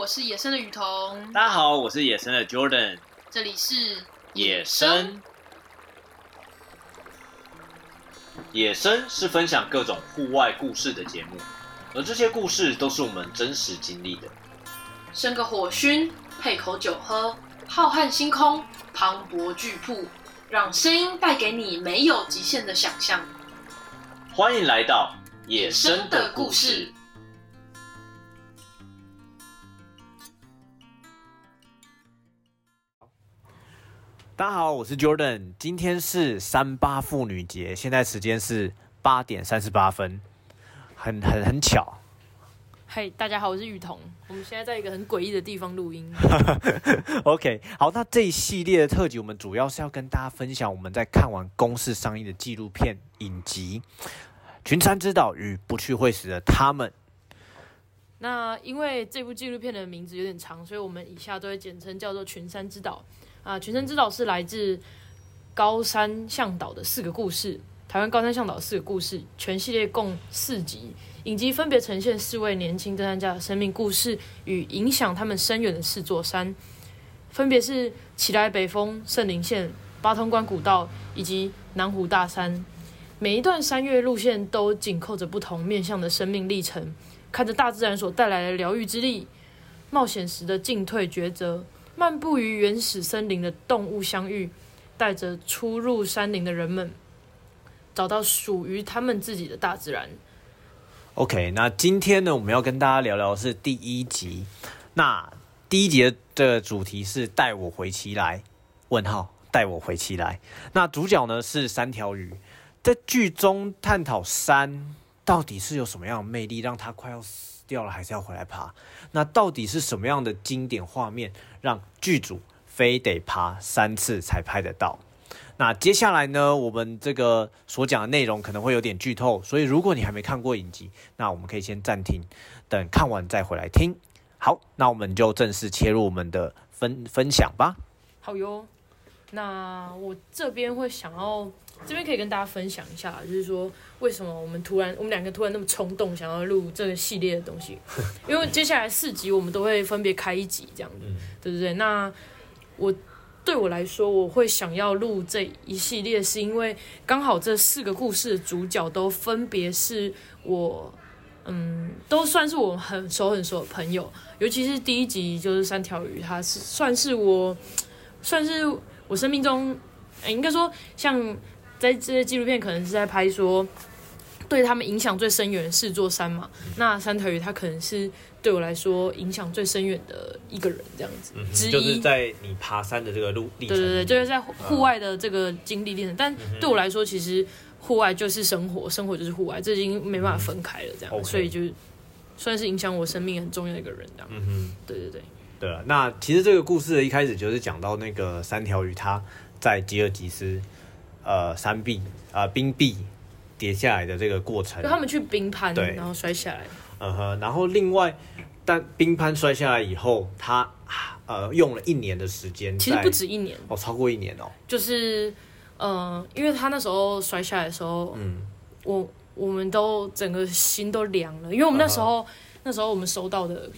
我是野生的禹彤，大家好，我是野生的 Jordan。這裡是野生，野生，野生是分享各種戶外故事的節目，而這些故事都是我們真實經歷的。生個火熏，配口酒喝，浩瀚星空，磅礴巨瀑，讓聲音帶給你沒有極限的想象。歡迎來到野生的故事。大家好，我是 Jordan，今天是三八婦女節，現在時間是八點三十八分，很很很巧。嘿、hey，大家好，我是禹彤，我們現在在一個很詭異的地方錄音。 OK，好，那這一系列的特輯，我們主要是要跟大家分享，我們在看完公視上映的紀錄片影集《群山之島》與不去會死的他們。那因為這部紀錄片的名字有點長，所以我們以下都會簡稱叫做《群山之島》。啊！《群山之島》是來自高山嚮導的四個故事，台灣高山嚮導四個故事，全系列共四集，影集分別呈現四位年輕登山家的生命故事與影響他們深遠的四座山，分別是奇萊北峰、聖稜線、八通關古道以及南湖大山。每一段山岳路線都緊扣着不同面向的生命歷程，看着大自然所帶來的療癒之力，冒險時的進退抉擇。漫步於原始森林的動物相遇，帶着初入山林的人們，找到屬於他們自己的大自然。OK，那今天呢，我們要跟大家聊聊的是第一集。那第一集的主題是“帶我回奇萊”，問號“帶我回奇萊”。那主角呢是三條魚，在劇中探討山到底是有什麼樣的魅力，讓他快要死掉了還是要回來爬。那到底是什麼樣的經典畫面，讓劇組非得爬三次才拍得到？那接下來呢？我們這個所講的內容可能會有點劇透，所以如果你還沒看過影集，那我們可以先暫停，等看完再回來聽。好，那我們就正式切入我們的分分享吧。好喲，那我這邊會想要。這邊可以跟大家分享一下，就是說，為什麼我們突然我們兩個突然那麼衝動想要錄這個系列的東西，因為接下來四集我們都會分別開一集這樣子，對不對？那我對我來說，我會想要錄這一系列，是因為剛好這四個故事的主角都分別是我，嗯，都算是我很熟很熟的朋友，尤其是第一集就是三條魚，她是算是我，算是我生命中、欸，應該說像。在這些紀錄片，可能是在拍說對他們影響最深遠的四座山嘛。嗯、那三條魚，他可能是對我來說影響最深遠的一個人，這樣子、嗯、之一。就是在你爬山的這個路歷程。對對對，就是在戶外的這個經歷歷程、嗯、但對我來說，其實戶外就是生活，生活就是戶外，這已經沒辦法分開了。這樣子、嗯，所以就是算是影響我生命很重要的一個人，這樣。嗯哼，對對對。對，那其實這個故事的一開始就是講到那個三條魚，他在吉爾吉斯。呃，山壁啊，冰、呃、壁跌下來的這個過程，他們去冰攀，然後摔下來。嗯、呃、哼，然後另外，但冰攀摔下來以後，他呃用了一年的時間，其實不止一年哦，超過一年哦、喔。就是呃，因為他那時候摔下來的時候，嗯，我我們都整個心都涼了，因為我們那時候、呃、那時候我們收到的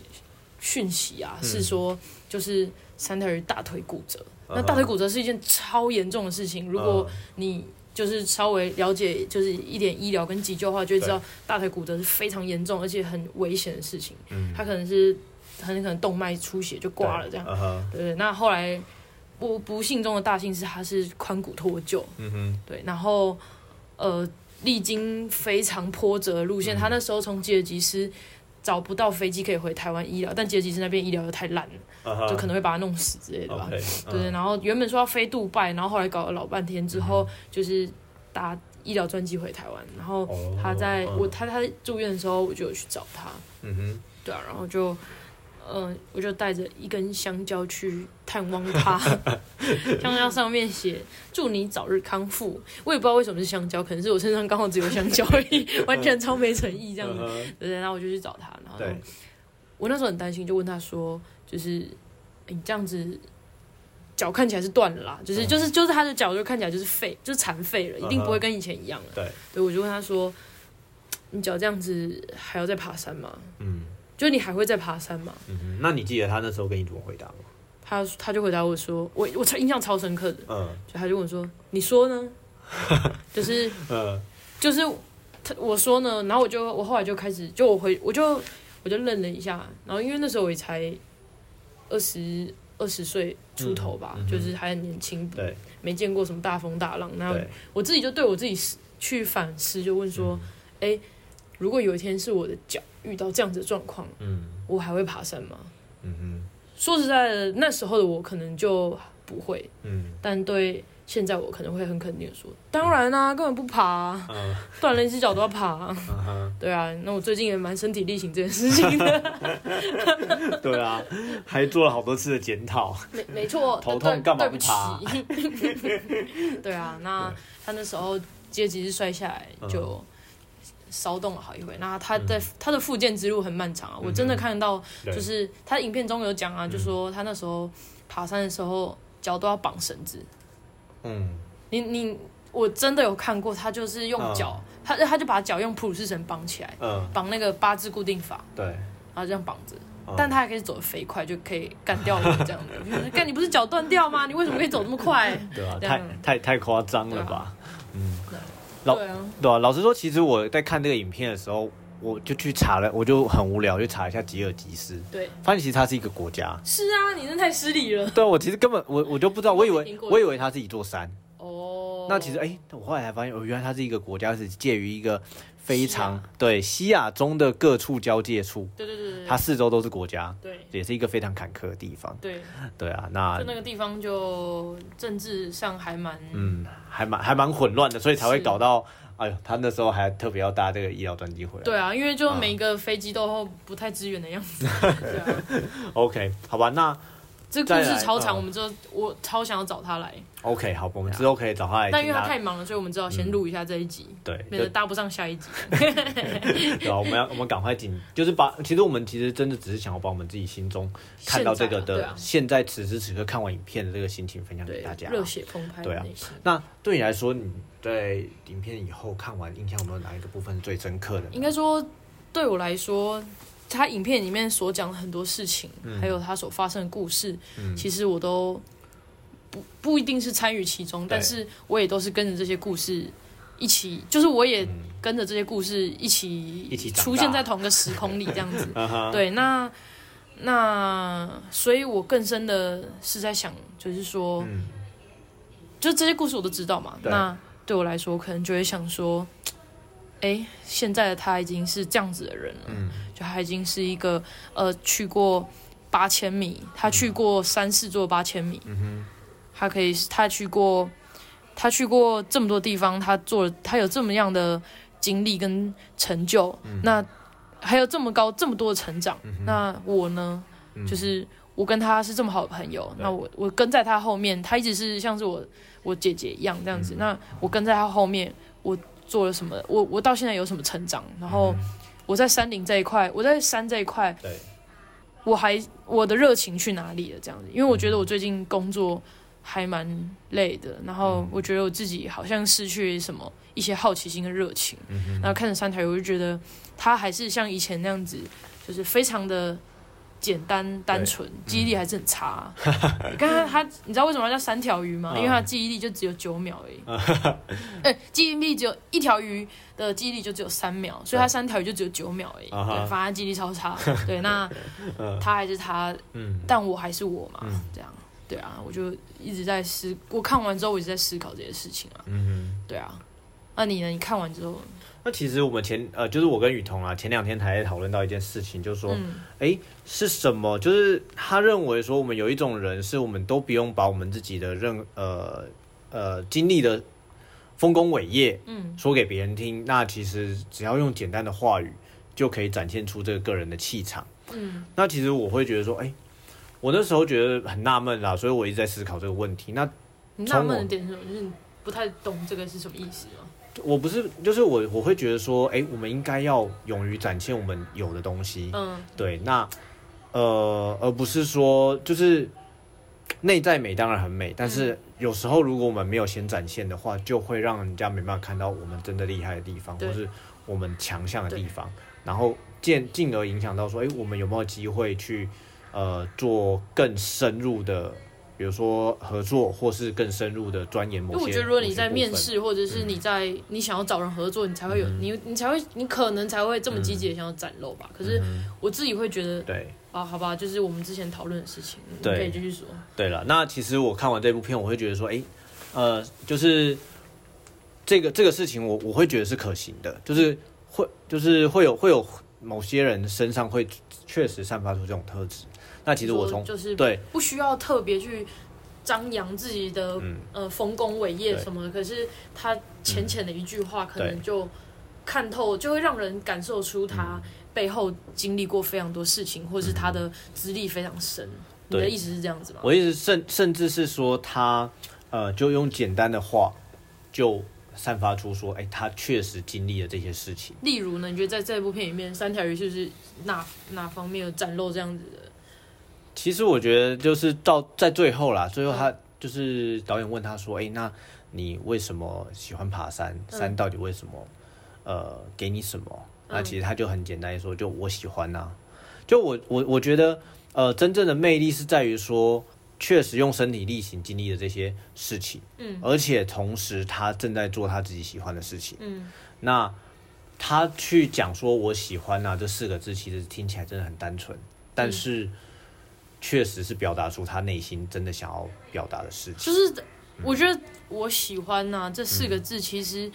訊息啊、嗯，是說就是。三條魚大腿骨折，uh -huh. 那大腿骨折是一件超嚴重的事情。Uh -huh. 如果你就是稍微了解，就是一點醫療跟急救的話，就會知道大腿骨折是非常嚴重而且很危險的事情。他可能是很可能動脈出血就掛了這樣。對、uh -huh. 對，那後來不不幸中的大幸是他是髖骨脫臼。Uh -huh. 對，然後呃歷經非常波折的路線，uh -huh. 他那時候從吉爾吉斯。找不到飛機可以回台灣醫療，但埃及是那邊醫療又太爛了，uh -huh. 就可能會把他弄死之類的吧。Okay. Uh -huh. 對，然後原本說要飛杜拜，然後後來搞了老半天之後，uh -huh. 就是搭醫療專機回台灣。然後他在、uh -huh. 我他他住院的時候，我就有去找他。嗯哼，對啊，然後就。嗯，我就帶着一根香蕉去探望他。 香蕉上面寫“祝你早日康復”。我也不知道為什麼是香蕉，可能是我身上剛好只有香蕉而已， 完全超沒誠意這樣子。 uh -huh. 對，然後我就去找他。然後我那時候很擔心，就問他說：“就是，欸，你這樣子腳看起來是斷了啦，就是、uh -huh. 就是就是他的腳就看起來就是廢，就是殘廢了，一定不會跟以前一樣了。Uh -huh. 對”對，所以我就問他說：“你腳這樣子還要再爬山嗎？”嗯。就你還會再爬山嗎、嗯？那你記得他那時候跟你怎麼回答嗎？他他就回答我說，我我印象超深刻的、嗯，就他就問我說，你說呢？ 就是、嗯、就是他我說呢，然後我就我後來就開始就我回我就我就愣了一下，然後因為那時候我也才二十二十歲出頭吧、嗯嗯，就是還很年輕，對，沒見過什麼大風大浪，那我自己就對我自己去反思，就問說，誒、嗯……欸」如果有一天是我的腳遇到這樣子的狀況，嗯，我還會爬山嗎？嗯哼、嗯，說實在的，那時候的我可能就不會，嗯，但對現在我可能會很肯定的說，嗯、當然啦、啊，根本不爬、啊，斷、嗯、了一隻腳都要爬、啊，嗯、 對啊，那我最近也蠻身體力行這件事情的， 對啊，還做了好多次的檢討，沒沒錯，頭痛幹嘛不爬？ 對啊，那他那時候階級是摔下來、嗯、就。騷動了好一回，那他的、嗯、他的復健之路很漫長啊！嗯、我真的看得到，就是他的影片中有講啊、嗯，就說他那時候爬山的時候腳都要綁繩子。嗯，你你我真的有看過，他就是用腳、嗯，他他就把腳用普魯士繩綁起來，綁、嗯、那個八字固定法。嗯、對，然後這樣綁着、嗯，但他還可以走得飛快，就可以幹掉了這樣子、 就是、幹你不是腳斷掉嗎？你為什麼可以走那麼快？對啊，太太太誇張了吧？啊、嗯。老，對啊，對啊，老實說，其實我在看這個影片的時候，我就去查了，我就很無聊，就查一下吉爾吉斯。對，發現其實它是一個國家。是啊，你那太失禮了。對啊，我其實根本我我就不知道， 我以為, 我以為我以為它是一座山。那其實，哎、欸，我後來才發現，哦，原來它是一個國家，是介於一個非常西亞對西亞中的各處交界處，對對對。它四周都是國家，對，也是一個非常坎坷的地方。對對啊，那就那個地方就政治上還蠻，嗯，還蠻還蠻混亂的，所以才會搞到，哎呦，他那時候還特別要搭這個醫療專機回來。對啊，因為就每一個飛機都好不太支援的樣子。嗯 啊、OK，好吧，那。這個故事超長，嗯、我們之後我超想要找他來。OK，好，我們之後可以找他來他、嗯。但因為他太忙了，所以我們只好先錄一下這一集，對，免得搭不上下一集。 對，我們要我們趕快緊，就是把其實我們其實真的只是想要把我們自己心中看到這個的，現在,、啊啊、現在此時此刻看完影片的這個心情分享給大家。熱血澎湃的內心。那對你來說，你在影片以後看完，印象有沒有哪一個部分是最深刻的？應該說，對我來說。他影片裡面所講的很多事情，嗯，還有他所發生的故事，嗯、其實我都不不一定是參與其中，但是我也都是跟着這些故事一起，嗯、就是我也跟着這些故事一起，一起出現在同個時空裡，這樣子。 uh -huh, 對，那那所以，我更深的是在想，就是說，嗯、就是這些故事我都知道嘛。對，那對我來說，可能就會想說，哎、欸，現在的他已經是這樣子的人了。嗯他已經是一個呃，去過八千米，他去過三四座八千米，嗯哼。他可以，他去過，他去過這麼多地方，他做了，他有這麼樣的經歷跟成就。嗯、那還有這麼高這麼多的成長，嗯。那我呢，就是我跟他是這麼好的朋友。嗯、那我我跟在他後面，他一直是像是我我姐姐一樣這樣子，嗯。那我跟在他後面，我做了什麼？我我到現在有什麼成長？然後。嗯我在山頂這一塊，我在山這一塊，對，我還我的熱情去哪裡了？這樣子，因為我覺得我最近工作還蠻累的，然後我覺得我自己好像失去什麼一些好奇心跟熱情、嗯，然後看着三條，我就覺得他還是像以前那樣子，就是非常的。簡單單純，記憶力還是很差。剛、嗯、剛他，他，你知道為什麼要叫三條魚嗎？ 因為他記憶力就只有九秒而已、欸。哎、 欸，記憶力只有，一條魚的記憶力就只有三秒， 所以他三條魚就只有九秒哎、欸。 對，反正記憶力超差。 對，那他還是他， 但我還是我嘛， 這樣。對啊，我就一直在思，我看完之後我一直在思考這件事情啊。嗯 對啊，那你呢？你看完之後。那其實我們前呃，就是我跟禹彤啊，前兩天還討論到一件事情，就是、說，哎、嗯欸，是什麼？就是他認為說，我們有一種人是我們都不用把我們自己的任呃呃經歷的豐功偉業嗯說給別人聽，那其實只要用簡單的話語就可以展現出這個個人的氣場。嗯，那其實我會覺得說，哎、欸，我那時候覺得很納悶啦，所以我一直在思考這個問題。那納悶的點是什麼？就是你不太懂這個是什麼意思啊。我不是，就是我，我會覺得說，欸，我們應該要勇於展現我們有的東西。嗯，對，那呃，而不是說，就是內在美當然很美，但是有時候如果我們沒有先展現的話，就會讓人家沒辦法看到我們真的厲害的地方，或是我們強項的地方，然後進進而影響到說，欸，我們有沒有機會去呃做更深入的。比如說合作，或是更深入的鑽研某些。因為我覺得，如果你在面試，或者是你在你想要找人合作，你才會有你你才會你可能才會這麼積極的想要展露吧。可是我自己會覺得，對啊，好吧，就是我們之前討論的事情，可以繼續說對對。對了，那其實我看完這部片，我會覺得說，哎、欸，呃，就是這個這個事情我，我我會覺得是可行的，就是會就是會有會有某些人身上會確實散發出這種特質。那其實我從就是對，不需要特別去張揚自己的呃豐功偉業什麼的。可是他淺淺的一句話，可能就看透，嗯，就會讓人感受出他背後經歷過非常多事情，嗯、或是他的資歷非常深。對，你的意思是這樣子嗎？我意思甚甚至是說他呃，就用簡單的話就散發出說，哎，欸，他確實經歷了這些事情。例如呢，你覺得在這部片裡面，三條魚就是哪哪方面的展露這樣子的？其實我覺得就是到在最後啦，最後他就是導演問他說：“哎，那你為什麼喜歡爬山？山到底為什麼？呃，給你什麼、啊？”那其實他就很簡單說：“就我喜歡吶。”就我我我覺得，呃，真正的魅力是在於說，確實用身體力行經歷了這些事情，嗯，而且同時他正在做他自己喜歡的事情，嗯，那他去講說“我喜歡吶、啊”這四個字，其實聽起來真的很單純，但是。確實是表達出他內心真的想要表達的事情。就是我覺得“我喜歡、啊”吶、嗯、這四個字其實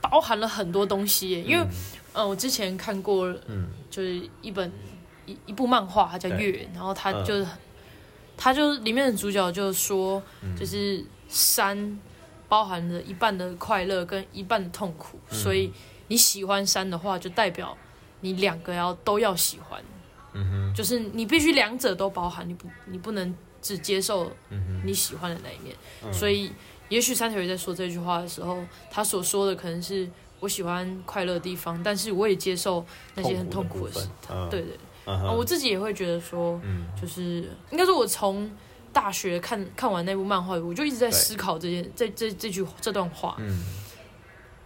包含了很多東西、嗯。因為，嗯、呃，我之前看過，嗯，就是一本一一部漫畫，它叫月《月》，然後他就是他、嗯、就是裡面的主角就說，就是山包含了一半的快樂跟一半的痛苦、嗯，所以你喜歡山的話，就代表你兩個要都要喜歡。嗯、mm -hmm. 就是你必須兩者都包含，你不，你不能只接受你喜歡的那一面。Mm -hmm. uh -huh. 所以，也許三條魚在說這句話的時候，他所說的可能是我喜歡快樂的地方，但是我也接受那些很痛苦的事。痛苦的部分。uh -huh. 對對，對、uh -huh. 啊，我自己也會覺得說，嗯、mm -hmm.，就是應該說，我從大學看看完那部漫畫，我就一直在思考這件，這這這句這段話，嗯、mm -hmm.。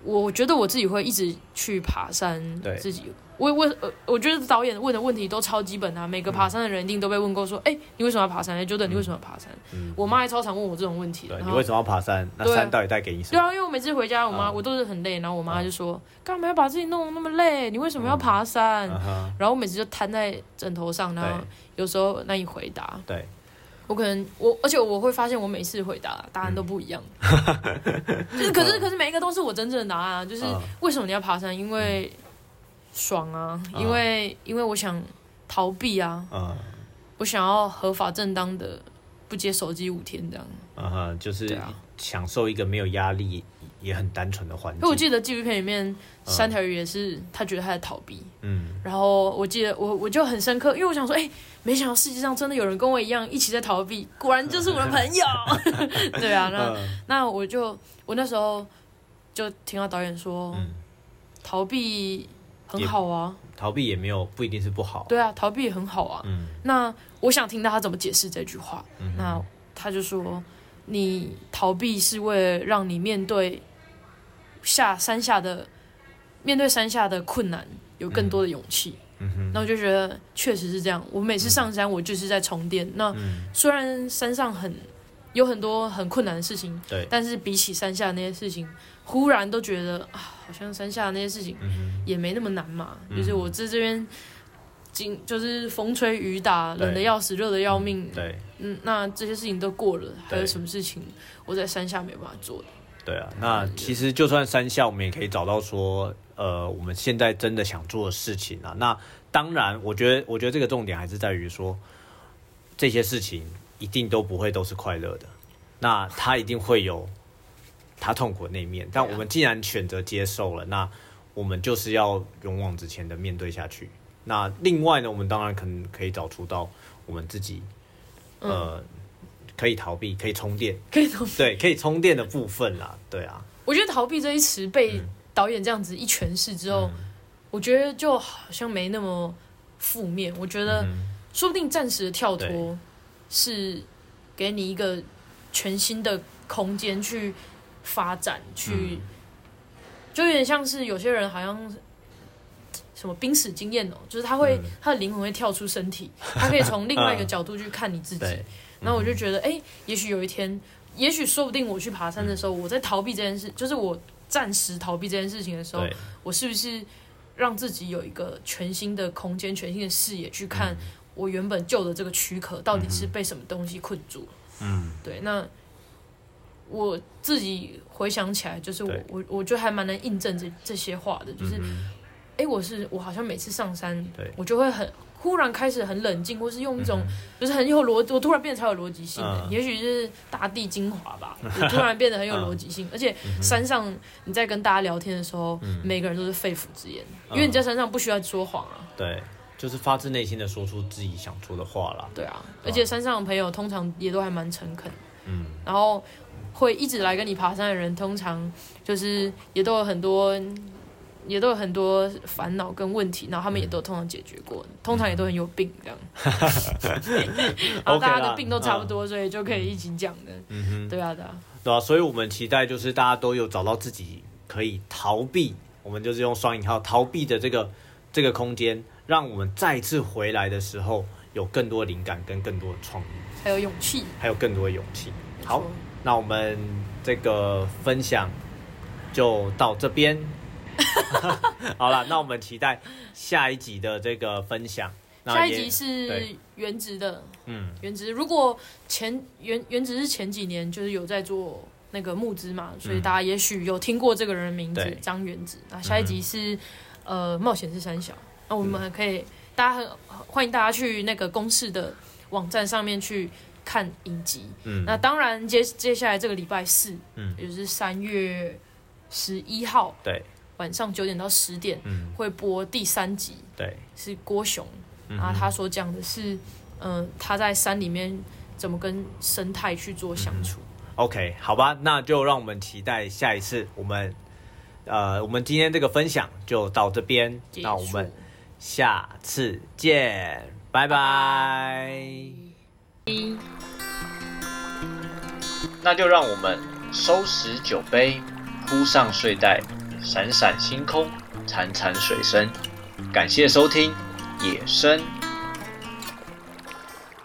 我我覺得我自己會一直去爬山，自己，我我我覺得導演問的問題都超基本啊。每個爬山的人一定都被問過說，哎、嗯欸，你為什麼要爬山？覺、欸、得、嗯、你為什麼要爬山？嗯、我媽還超常問我這種問題的對。你為什麼要爬山？那山到底帶給你什麼？對啊，因為我每次回家，我媽、嗯、我都是很累，然後我媽就說，幹、嗯、嘛要把自己弄那麼累？你為什麼要爬山？嗯嗯嗯、然後我每次就癱在枕頭上，然後有時候難以回答。對。我可能我，而且我會發現我每次回答答案都不一樣，就是可是可是每一個都是我真正的答案啊！就是為什麼你要爬山？因為爽啊！因為因為我想逃避啊！我想要合法正當的不接手機五天這樣。啊哈，就是享受一個沒有壓力。也很單純的環境。因為我記得紀錄片裡面三條魚也是他覺得他在逃避，嗯，然後我記得我我就很深刻，因為我想說，哎、欸，沒想到世界上真的有人跟我一樣一起在逃避，果然就是我的朋友， 對啊，那、嗯、那我就我那時候就聽到導演說，逃避很好啊，逃避也沒有不一定是不好，對啊，逃避也很好啊，嗯，那我想聽到他怎麼解釋這句話，嗯，那他就說你逃避是為了讓你面對。下山下的面對山下的困難，有更多的勇氣。嗯哼，那我就覺得確實是這樣。我每次上山，我就是在充電。嗯、那、嗯、雖然山上很有很多很困難的事情，對，但是比起山下的那些事情，忽然都覺得啊，好像山下的那些事情也沒那麼難嘛。嗯、就是我在這，這邊經就是風吹雨打，冷的要死，熱的要命。對，嗯，那這些事情都過了，還有什麼事情我在山下沒辦法做的？對啊，那其實就算山下，我們也可以找到說，呃，我們現在真的想做的事情啊。那當然，我覺得，我覺得這個重點還是在於說，這些事情一定都不會都是快樂的，那他一定會有他痛苦的那一面。但我們既然選擇接受了，那我們就是要勇往直前的面對下去。那另外呢，我們當然可能可以找出到我們自己，呃。嗯可以逃避，可以充電，可以充對，可以充電的部分啦，對啊。 我覺得逃避這一詞被導演這樣子一詮釋之後、嗯，我覺得就好像沒那麼負面、嗯。我覺得說不定暫時的跳脫是給你一個全新的空間去發展，嗯、去就有點像是有些人好像什麼瀕死經驗哦、喔，就是他會、嗯、他的靈魂會跳出身體，他可以從另外一個角度去看你自己。 嗯那我就覺得，哎、欸，也許有一天，也許說不定，我去爬山的時候，我在逃避這件事，就是我暫時逃避這件事情的時候，我是不是讓自己有一個全新的空間、全新的視野去看我原本舊的這個軀殼到底是被什麼東西困住？嗯，對。那我自己回想起來，就是我我我就還蠻能印證這這些話的，就是，哎、嗯欸，我是我好像每次上山，對我就會很。突然開始很冷靜，或是用一種、嗯、就是很有邏，我突然變得超有邏輯性的、嗯，也許是大地精華吧，我突然變得很有邏輯性、嗯，而且山上你在跟大家聊天的時候，嗯、每個人都是肺腑之言、嗯，因為你在山上不需要說謊啊。對，就是發自內心的說出自己想說的話啦。對啊，而且山上的朋友通常也都還蠻誠懇，嗯，然後會一直來跟你爬山的人，通常就是也都有很多。也都有很多煩惱跟問題，然後他們也都通常解決過、嗯，通常也都很有病、嗯、這樣， 然後大家的病都差不多 okay，所以就可以一起講的。嗯哼，對啊，對啊。對啊，所以我們期待就是大家都有找到自己可以逃避，我們就是用雙引號逃避的這個這個空間，讓我們再次回來的時候有更多靈感跟更多的創意，還有勇氣，還有更多的勇氣。好，那我們這個分享就到這邊。 好了，那我們期待下一集的這個分享。下一集是元植的，嗯，元植。如果前元元植是前幾年就是有在做那個募資嘛，所以大家也許有聽過這個人的名字張元植。那下一集是、嗯、呃冒險是三小，那我們還可以、嗯、大家歡迎大家去那個公視的網站上面去看影集。嗯，那當然接接下來這個禮拜四，嗯，也就是三月十一號，對。晚上九點到十點、嗯、會播第三集，對，是郭熊、嗯，然後他說講的是，嗯、呃，他在山裡面怎麼跟生態去做相處、嗯。OK，好吧，那就讓我們期待下一次，我們呃，我們今天這個分享就到這邊，那我們下次見，拜拜。那就讓我們收拾酒杯，鋪上睡袋。閃閃星空，潺潺水聲。感謝收聽《野生》。